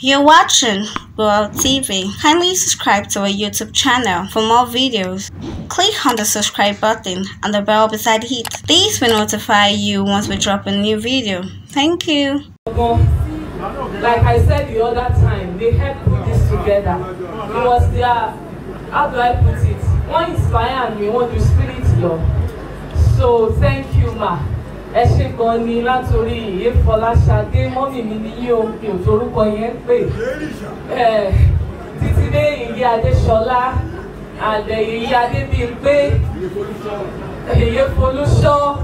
You're watching World TV. Kindly subscribe to our YouTube channel for more videos. Click on the subscribe button and the bell beside it. This will notify you once we drop a new video. Thank you. Like I said the other time, they helped put this together. It was their, how do I put it? One is fire and we want to spirit love. So thank you, ma. ẹ ṣe gan ni látòrí ìyé Fọláṣadé mọ́mì mi ní yí ohun mi ò torúkọ yẹn pè títí dé ìyé Adéṣọlá àdẹ̀yẹ ìyé pé ìyé Folúṣọ́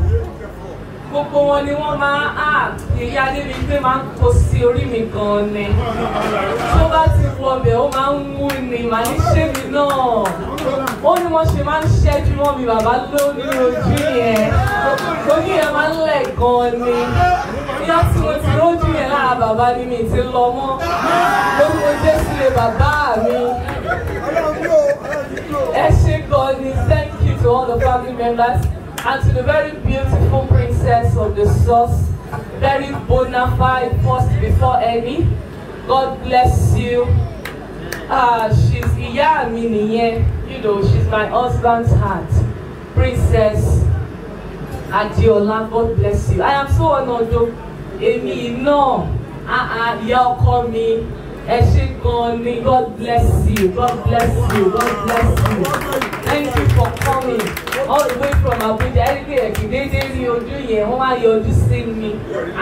gbogbo wọn ni wọ́n máa á yèyí adébíyí máa ń kó sí orí mi gan ni tó bá ti wọbẹ̀ ó máa ń wú ni màá ní ṣébi náà ó ní wọ́n ṣe máa ń ṣẹ́jú mọ́ mi bàbá lórí ojú yẹn ojú yẹn máa ń lẹ̀ gan ni ìyá tí mo ti rójú yẹn lára bàbá ni mi ti lọ mọ́ lórúkọ jésù lè bàbá mi ẹ ṣe gan ni thank you to all the family members and to the very beautiful princess of the source, very bona fide first before any. God bless you. Uh, she's Iya Aminiye, you know, she's my husband's heart. Princess Adiola, God bless you. I am so honored, Amy, no, ah ah, y'all call me ẹ ṣé gan ni God bless you God bless you God bless you thank you for coming all the way from Abuja ẹ̀ríkì ẹ̀kì déédéé ní ojú yẹn wọ́n á yọjú sí mi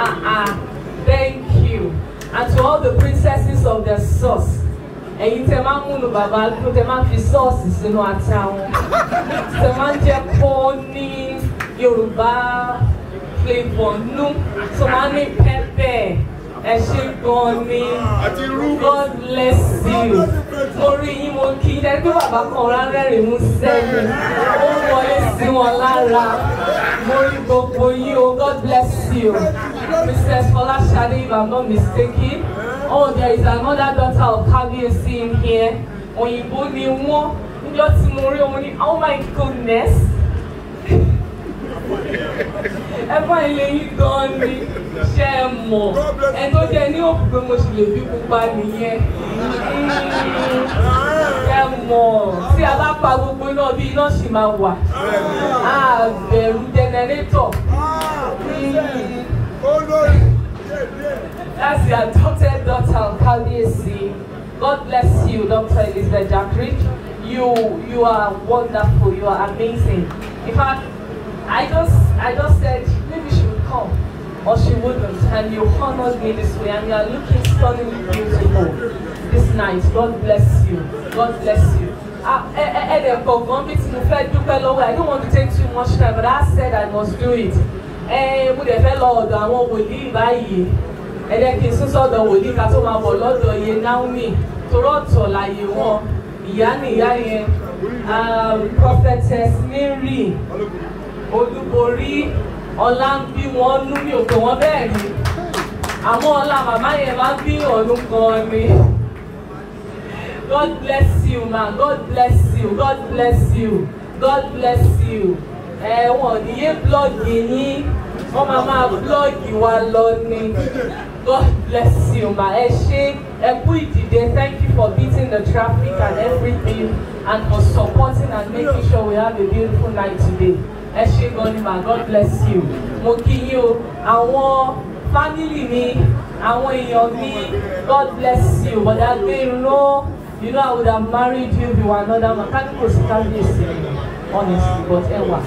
ah ah thank you and to all the princesses of the source ẹ̀yin tẹ máa ń múlò bàbá tó tẹ máa ń fi sọ́ọ̀sì sínú ata wọn tẹ máa ń jẹ́ kó ní Yorùbá flavour nú tó máa ń ní pẹ́pẹ́ ẹ ṣe gan ni god bless you orí yín mo kí ẹ pé bàbá kan rárẹ̀rìn mú sẹ́yìn ó wọlé sí wọn lára mo rí gbogbo yín o god bless you mrs Fọláṣadé if i'm not mistaken oh there is another daughter of Kábíyèsí in here òyìnbó ni wọ́n níjọ́ tí mo rí òun ni oh my goodness ẹ̀fọ́ ilé yín gan ni ṣe é mọ̀ ẹ tó jẹ ní òkú pé mo sì lè bí pupa nìyẹn ṣe é mọ̀ tí a bá pa gbogbo náà bí iná sì máa wà á bẹ̀rù jẹnẹrétọ̀ that's your adopted daughter Kalisi God bless you Dr. Elizabeth Jackridge you you are wonderful you are amazing in fact I just I just said or she wouldn't, and you honored me this way, and you are looking stunningly beautiful this night. God bless you. God bless you. Ẹ̀ẹ́dẹ̀ ah, eh, eh, eh, kọ̀ọ̀kan bí tí mo fẹ́ dúpẹ́ lọ́wọ́ I don't want to take too much time but I said I must do it. Ẹ mo dẹ̀ I, lọ ọ̀dọ̀ I, wòlíì báyìí. Ẹ jẹ́ kí n sún sọ́dọ̀ wòlíì ká tó máa bọ̀ lọ́dọ̀ iye Naomi torọ́ ọ̀tọ̀ láyé wọn. Ìyá ni ìyá yẹn. Um, prophetess Mary Olúborí ọlá ń bí wọn nú mi ò pè wọ́n bẹ́ẹ̀ ni àmọ́ ọlá màmá yẹn máa bí ọ̀run gan mi. God bless you ma God bless you God bless you God bless you ẹ̀wọ̀n níyé blọ́ọ̀gì yín wọ́n máa Lord, you are Lord me. God bless you ma ẹ ṣe ẹ kú ìdìde thank you for beating the traffic and everything and for supporting and making sure we have a beautiful night today ẹ ṣe gan God bless you mo kí yín o àwọn family mi àwọn èèyàn me. God bless you But gbé irun you know you know, I would have married you if you were another man kájú kò sí kábíyèsí honestly but ẹ wà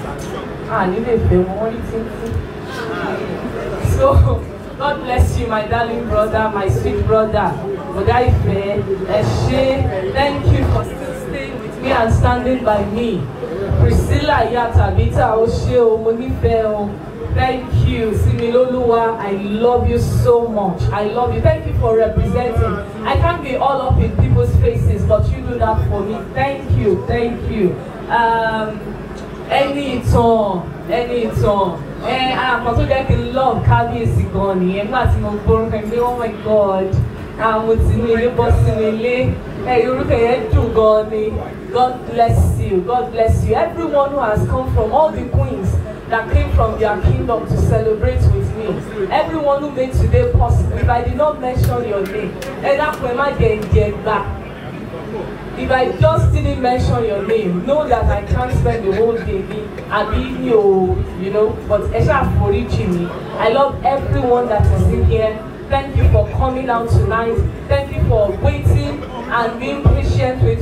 á nílé ìfẹ́ wọn wọ́n rí So, God bless you, my darling brother, my sweet brother. Oda Ife, Eshe, thank you for still staying with me and standing by me. Priscilla yata Yatabita Osheo, Monifeo. Thank you, Similoluwa. I love you so much. I love you. Thank you for representing. I can't be all up in people's faces, but you do that for me. Thank you. Thank you. Um, ẹni ìtàn, ẹni ìtàn ẹ àmọ́ tó jẹ́ kí n love kábíyèsí gan nìyẹn nígbà tí mo gbórúkọ ẹgbẹ́ oh my god àwọn tí mi ilé bọ́ sí mi ilé ẹ orúkọ yẹn dùn gan ni god bless you god bless you everyone who has come from all the queens that came from their kingdom to celebrate with me everyone who made today possible if i did not mention your name ẹ dákun ẹ má jẹ ǹjẹ if I just didn't mention your name, know that I can't spend the whole day being abi you know, but Esha for reaching me. I love everyone that is in here. Thank you for coming out tonight. Thank you for waiting and being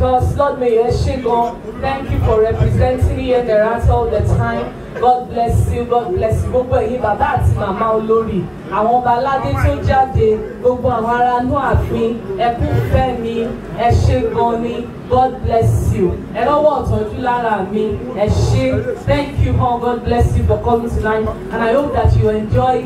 because Lord Mayor Shegon, thank you for representing here and us all the time. God bless you, God bless you. Gbogbo ẹ̀yin bàbá àti màmá olórí. Àwọn ọba aládé tó jáde, gbogbo àwọn ará inú ààfin, ẹkú fẹ́ mi, ẹ ṣé gan ni, God bless you. Ẹ lọ́wọ́ ọ̀tọ́jú lára mi, ẹ ṣé. Thank you all, God bless you for coming tonight and I hope that you enjoy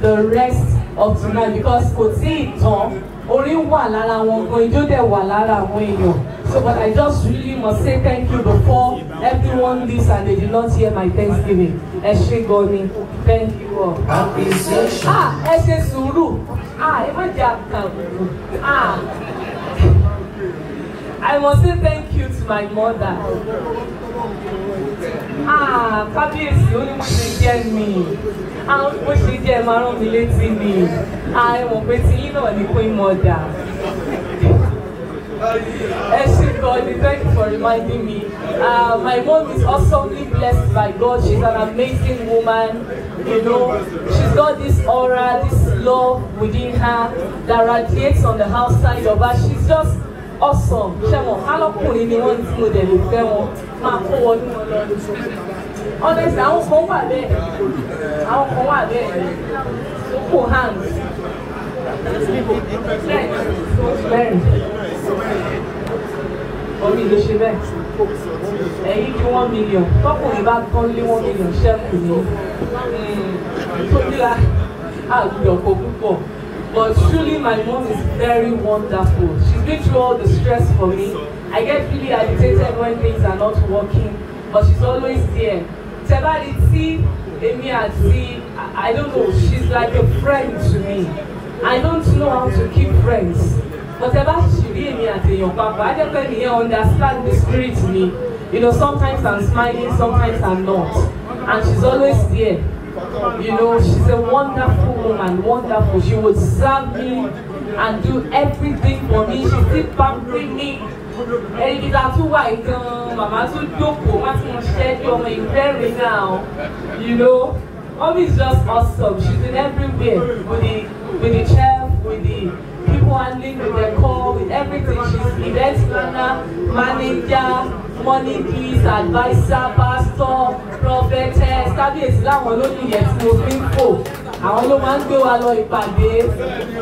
the rest of tonight because kò tí ì tán orí wà lára wọn gan ijó dẹ̀ wà lára àwọn èèyàn. So, but I just really must say thank you before everyone leaves and they did not hear my thanksgiving. Eshe Goni, thank you all. Ah, Eshe ṣe Ah, even má jẹ Ah. I must say thank you to my mother. Ah, kábíyèsí ó ní mo ṣe jẹ́ mi. Ah, ó ní mo ṣe jẹ́ ẹ máa rán mi létí mi. Ah, ẹ mọ̀ pé tí queen mother thank you for reminding me. Uh, my mom is awesomely blessed by God. She's an amazing woman. You know, she's got this aura, this love within her that radiates on the outside of her. She's just awesome. Shemo, halokunrin ni wọ́n ti mo dẹ̀ lè fẹ́ wọn máa kó wọn ní wọn lọ. Honestly, àwọn kan wà bẹ́ẹ̀. Àwọn kan wà bẹ́ẹ̀. Ó hands omi ló ṣe one million tọkùnrin bá tán lé one million ṣẹ́kù ní tóbílà àgbùyọ̀kọ púpọ̀ but truly my mom is very wonderful she's been through all the stress for me I get really agitated when things are not working but she's always there tẹ́bàlì Emi, èmi àti I don't know she's like a friend to me I don't know how to keep friends but ẹ bá ṣìṣìrí èmi àti èèyàn papọ̀ ajẹ́pẹ́ here understand the spirit me. you know sometimes i'm smiling sometimes i'm not and she's always there you know she's a wonderful woman wonderful she would serve me and do everything for me she still pampering me ẹni bí ta tún wà yìí gan màmá tún jókòó wọ́n ti ṣiṣẹ́ bí ọmọ ìgbẹ́rin náà you know mommy is just awesome she's in everywhere with the with the chef with the Money, peace adviser pastor prophetess kábíyèsí láwọn lónìí yẹn tí mo fi ń fò àwọn ló máa ń gbé wa lọ ìpàdé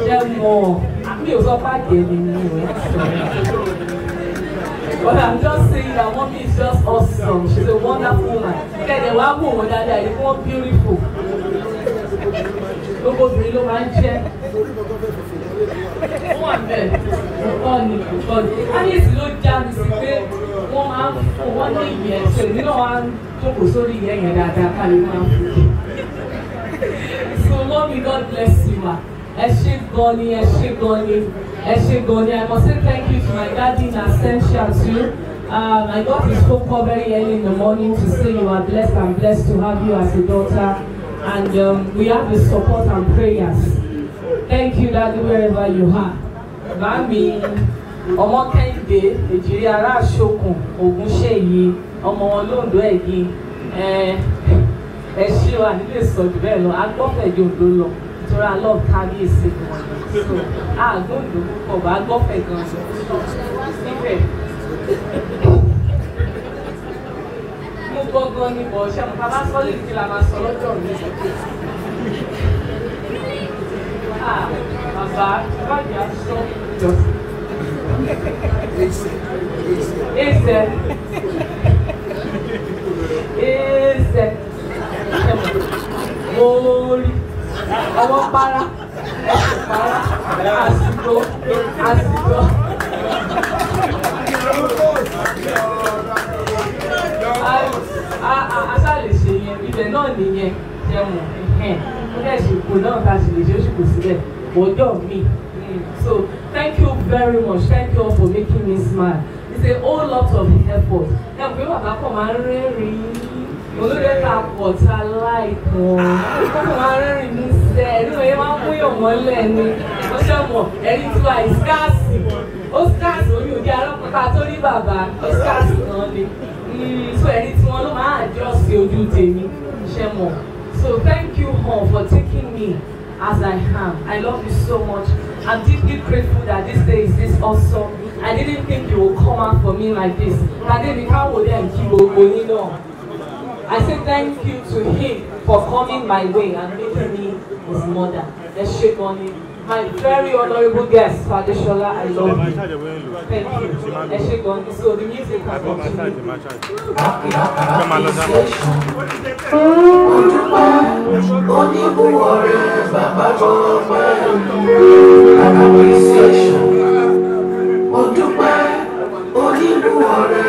jẹ mọ mi ò sọ pàdé mi ni mi ò sọ. But I'm just saying that mommy is just awesome. She's a wonderful woman. Kẹ̀dẹ̀ wá wò wọ́n dáadáa, you wọ́n beautiful. Gbogbo obìnrin ló máa ń jẹ́. Wọ́n wà bẹ́ẹ̀, ọ̀tọ̀ ni ọ̀tọ̀ ni. Kábíyèsí ló já mi sí pé wọ́n so mommy God bless you ma ẹ ṣé gan ni ẹ ṣé I must say thank you to my daddy na essential too. Um, I got his phone call very early in the morning to say you are blessed and blessed to have you as a daughter and um, we have the support and prayers. Thank you daddy wherever you are. Bami, ọmọ kẹ́yìn olóògbé èjìrí ará àṣokùn ògúnṣèyí ọmọ wọn lóńdó ẹ̀gí ẹ ṣé wa nílé sọ jù bẹ́ẹ̀ lọ agbọ́fẹ̀jọ òdo lọ nítorí alọ́ kábíyèsí wọn so àgbọ̀ǹdò púpọ̀ bá agbọ́fẹ̀ gan níbẹ̀ mo gbọ́ngàn ni bọ̀ ṣe mo bàbá sọ́lì kí la máa sọ lọ́jọ́ mi. Bàbá bàbá yà sọ ìjọsìn. Ese. Ese. Mórí. Ọwọ́ para. Ẹ̀sùn para. Àsìkò. Àsìkò. Aṣá lè ṣe yẹn. Ibẹ̀ náà nìyẹn jẹ́ mọ̀. Ó dẹ̀ ṣe kò náà ká ṣe lè ṣe oṣù kò sílẹ̀. Wọ́jọ́ mi. So thank you very much thank you all for making me smile it's a whole lot of effort ẹ pé bàbá kan máa ń rẹ́rìn-ín olóde ká pọ̀ta láìpọ̀ kó máa rẹ́rìn-ín músẹ́ ẹ̀rí òye máa ń múyàn mọ́lẹ̀ ni ó ṣe mọ̀ ẹ̀rí tí wà ìskáàsì ó skáàsì orí òkè tó ní bàbá ó skáàsì ni mm, so ẹ̀rí tí wọ́n ló máa àjọṣe ojú tèmi ṣe mọ̀ so thank you all for taking me as I am. I love you so much. I'm deeply grateful that this day is this awesome. I didn't think you would come out for me like this. I didn't how would them I say thank you to him for coming my way and making me his mother. Let's shake on him my very honourable guest Shola, I love you thank you ẹ so the music has continued. Ojúpẹ́ oníbùwọ̀ rẹ̀ bàbá gbọ́dọ̀ pẹ́ appreciation. Ojúpẹ́ oníbùwọ̀ rẹ̀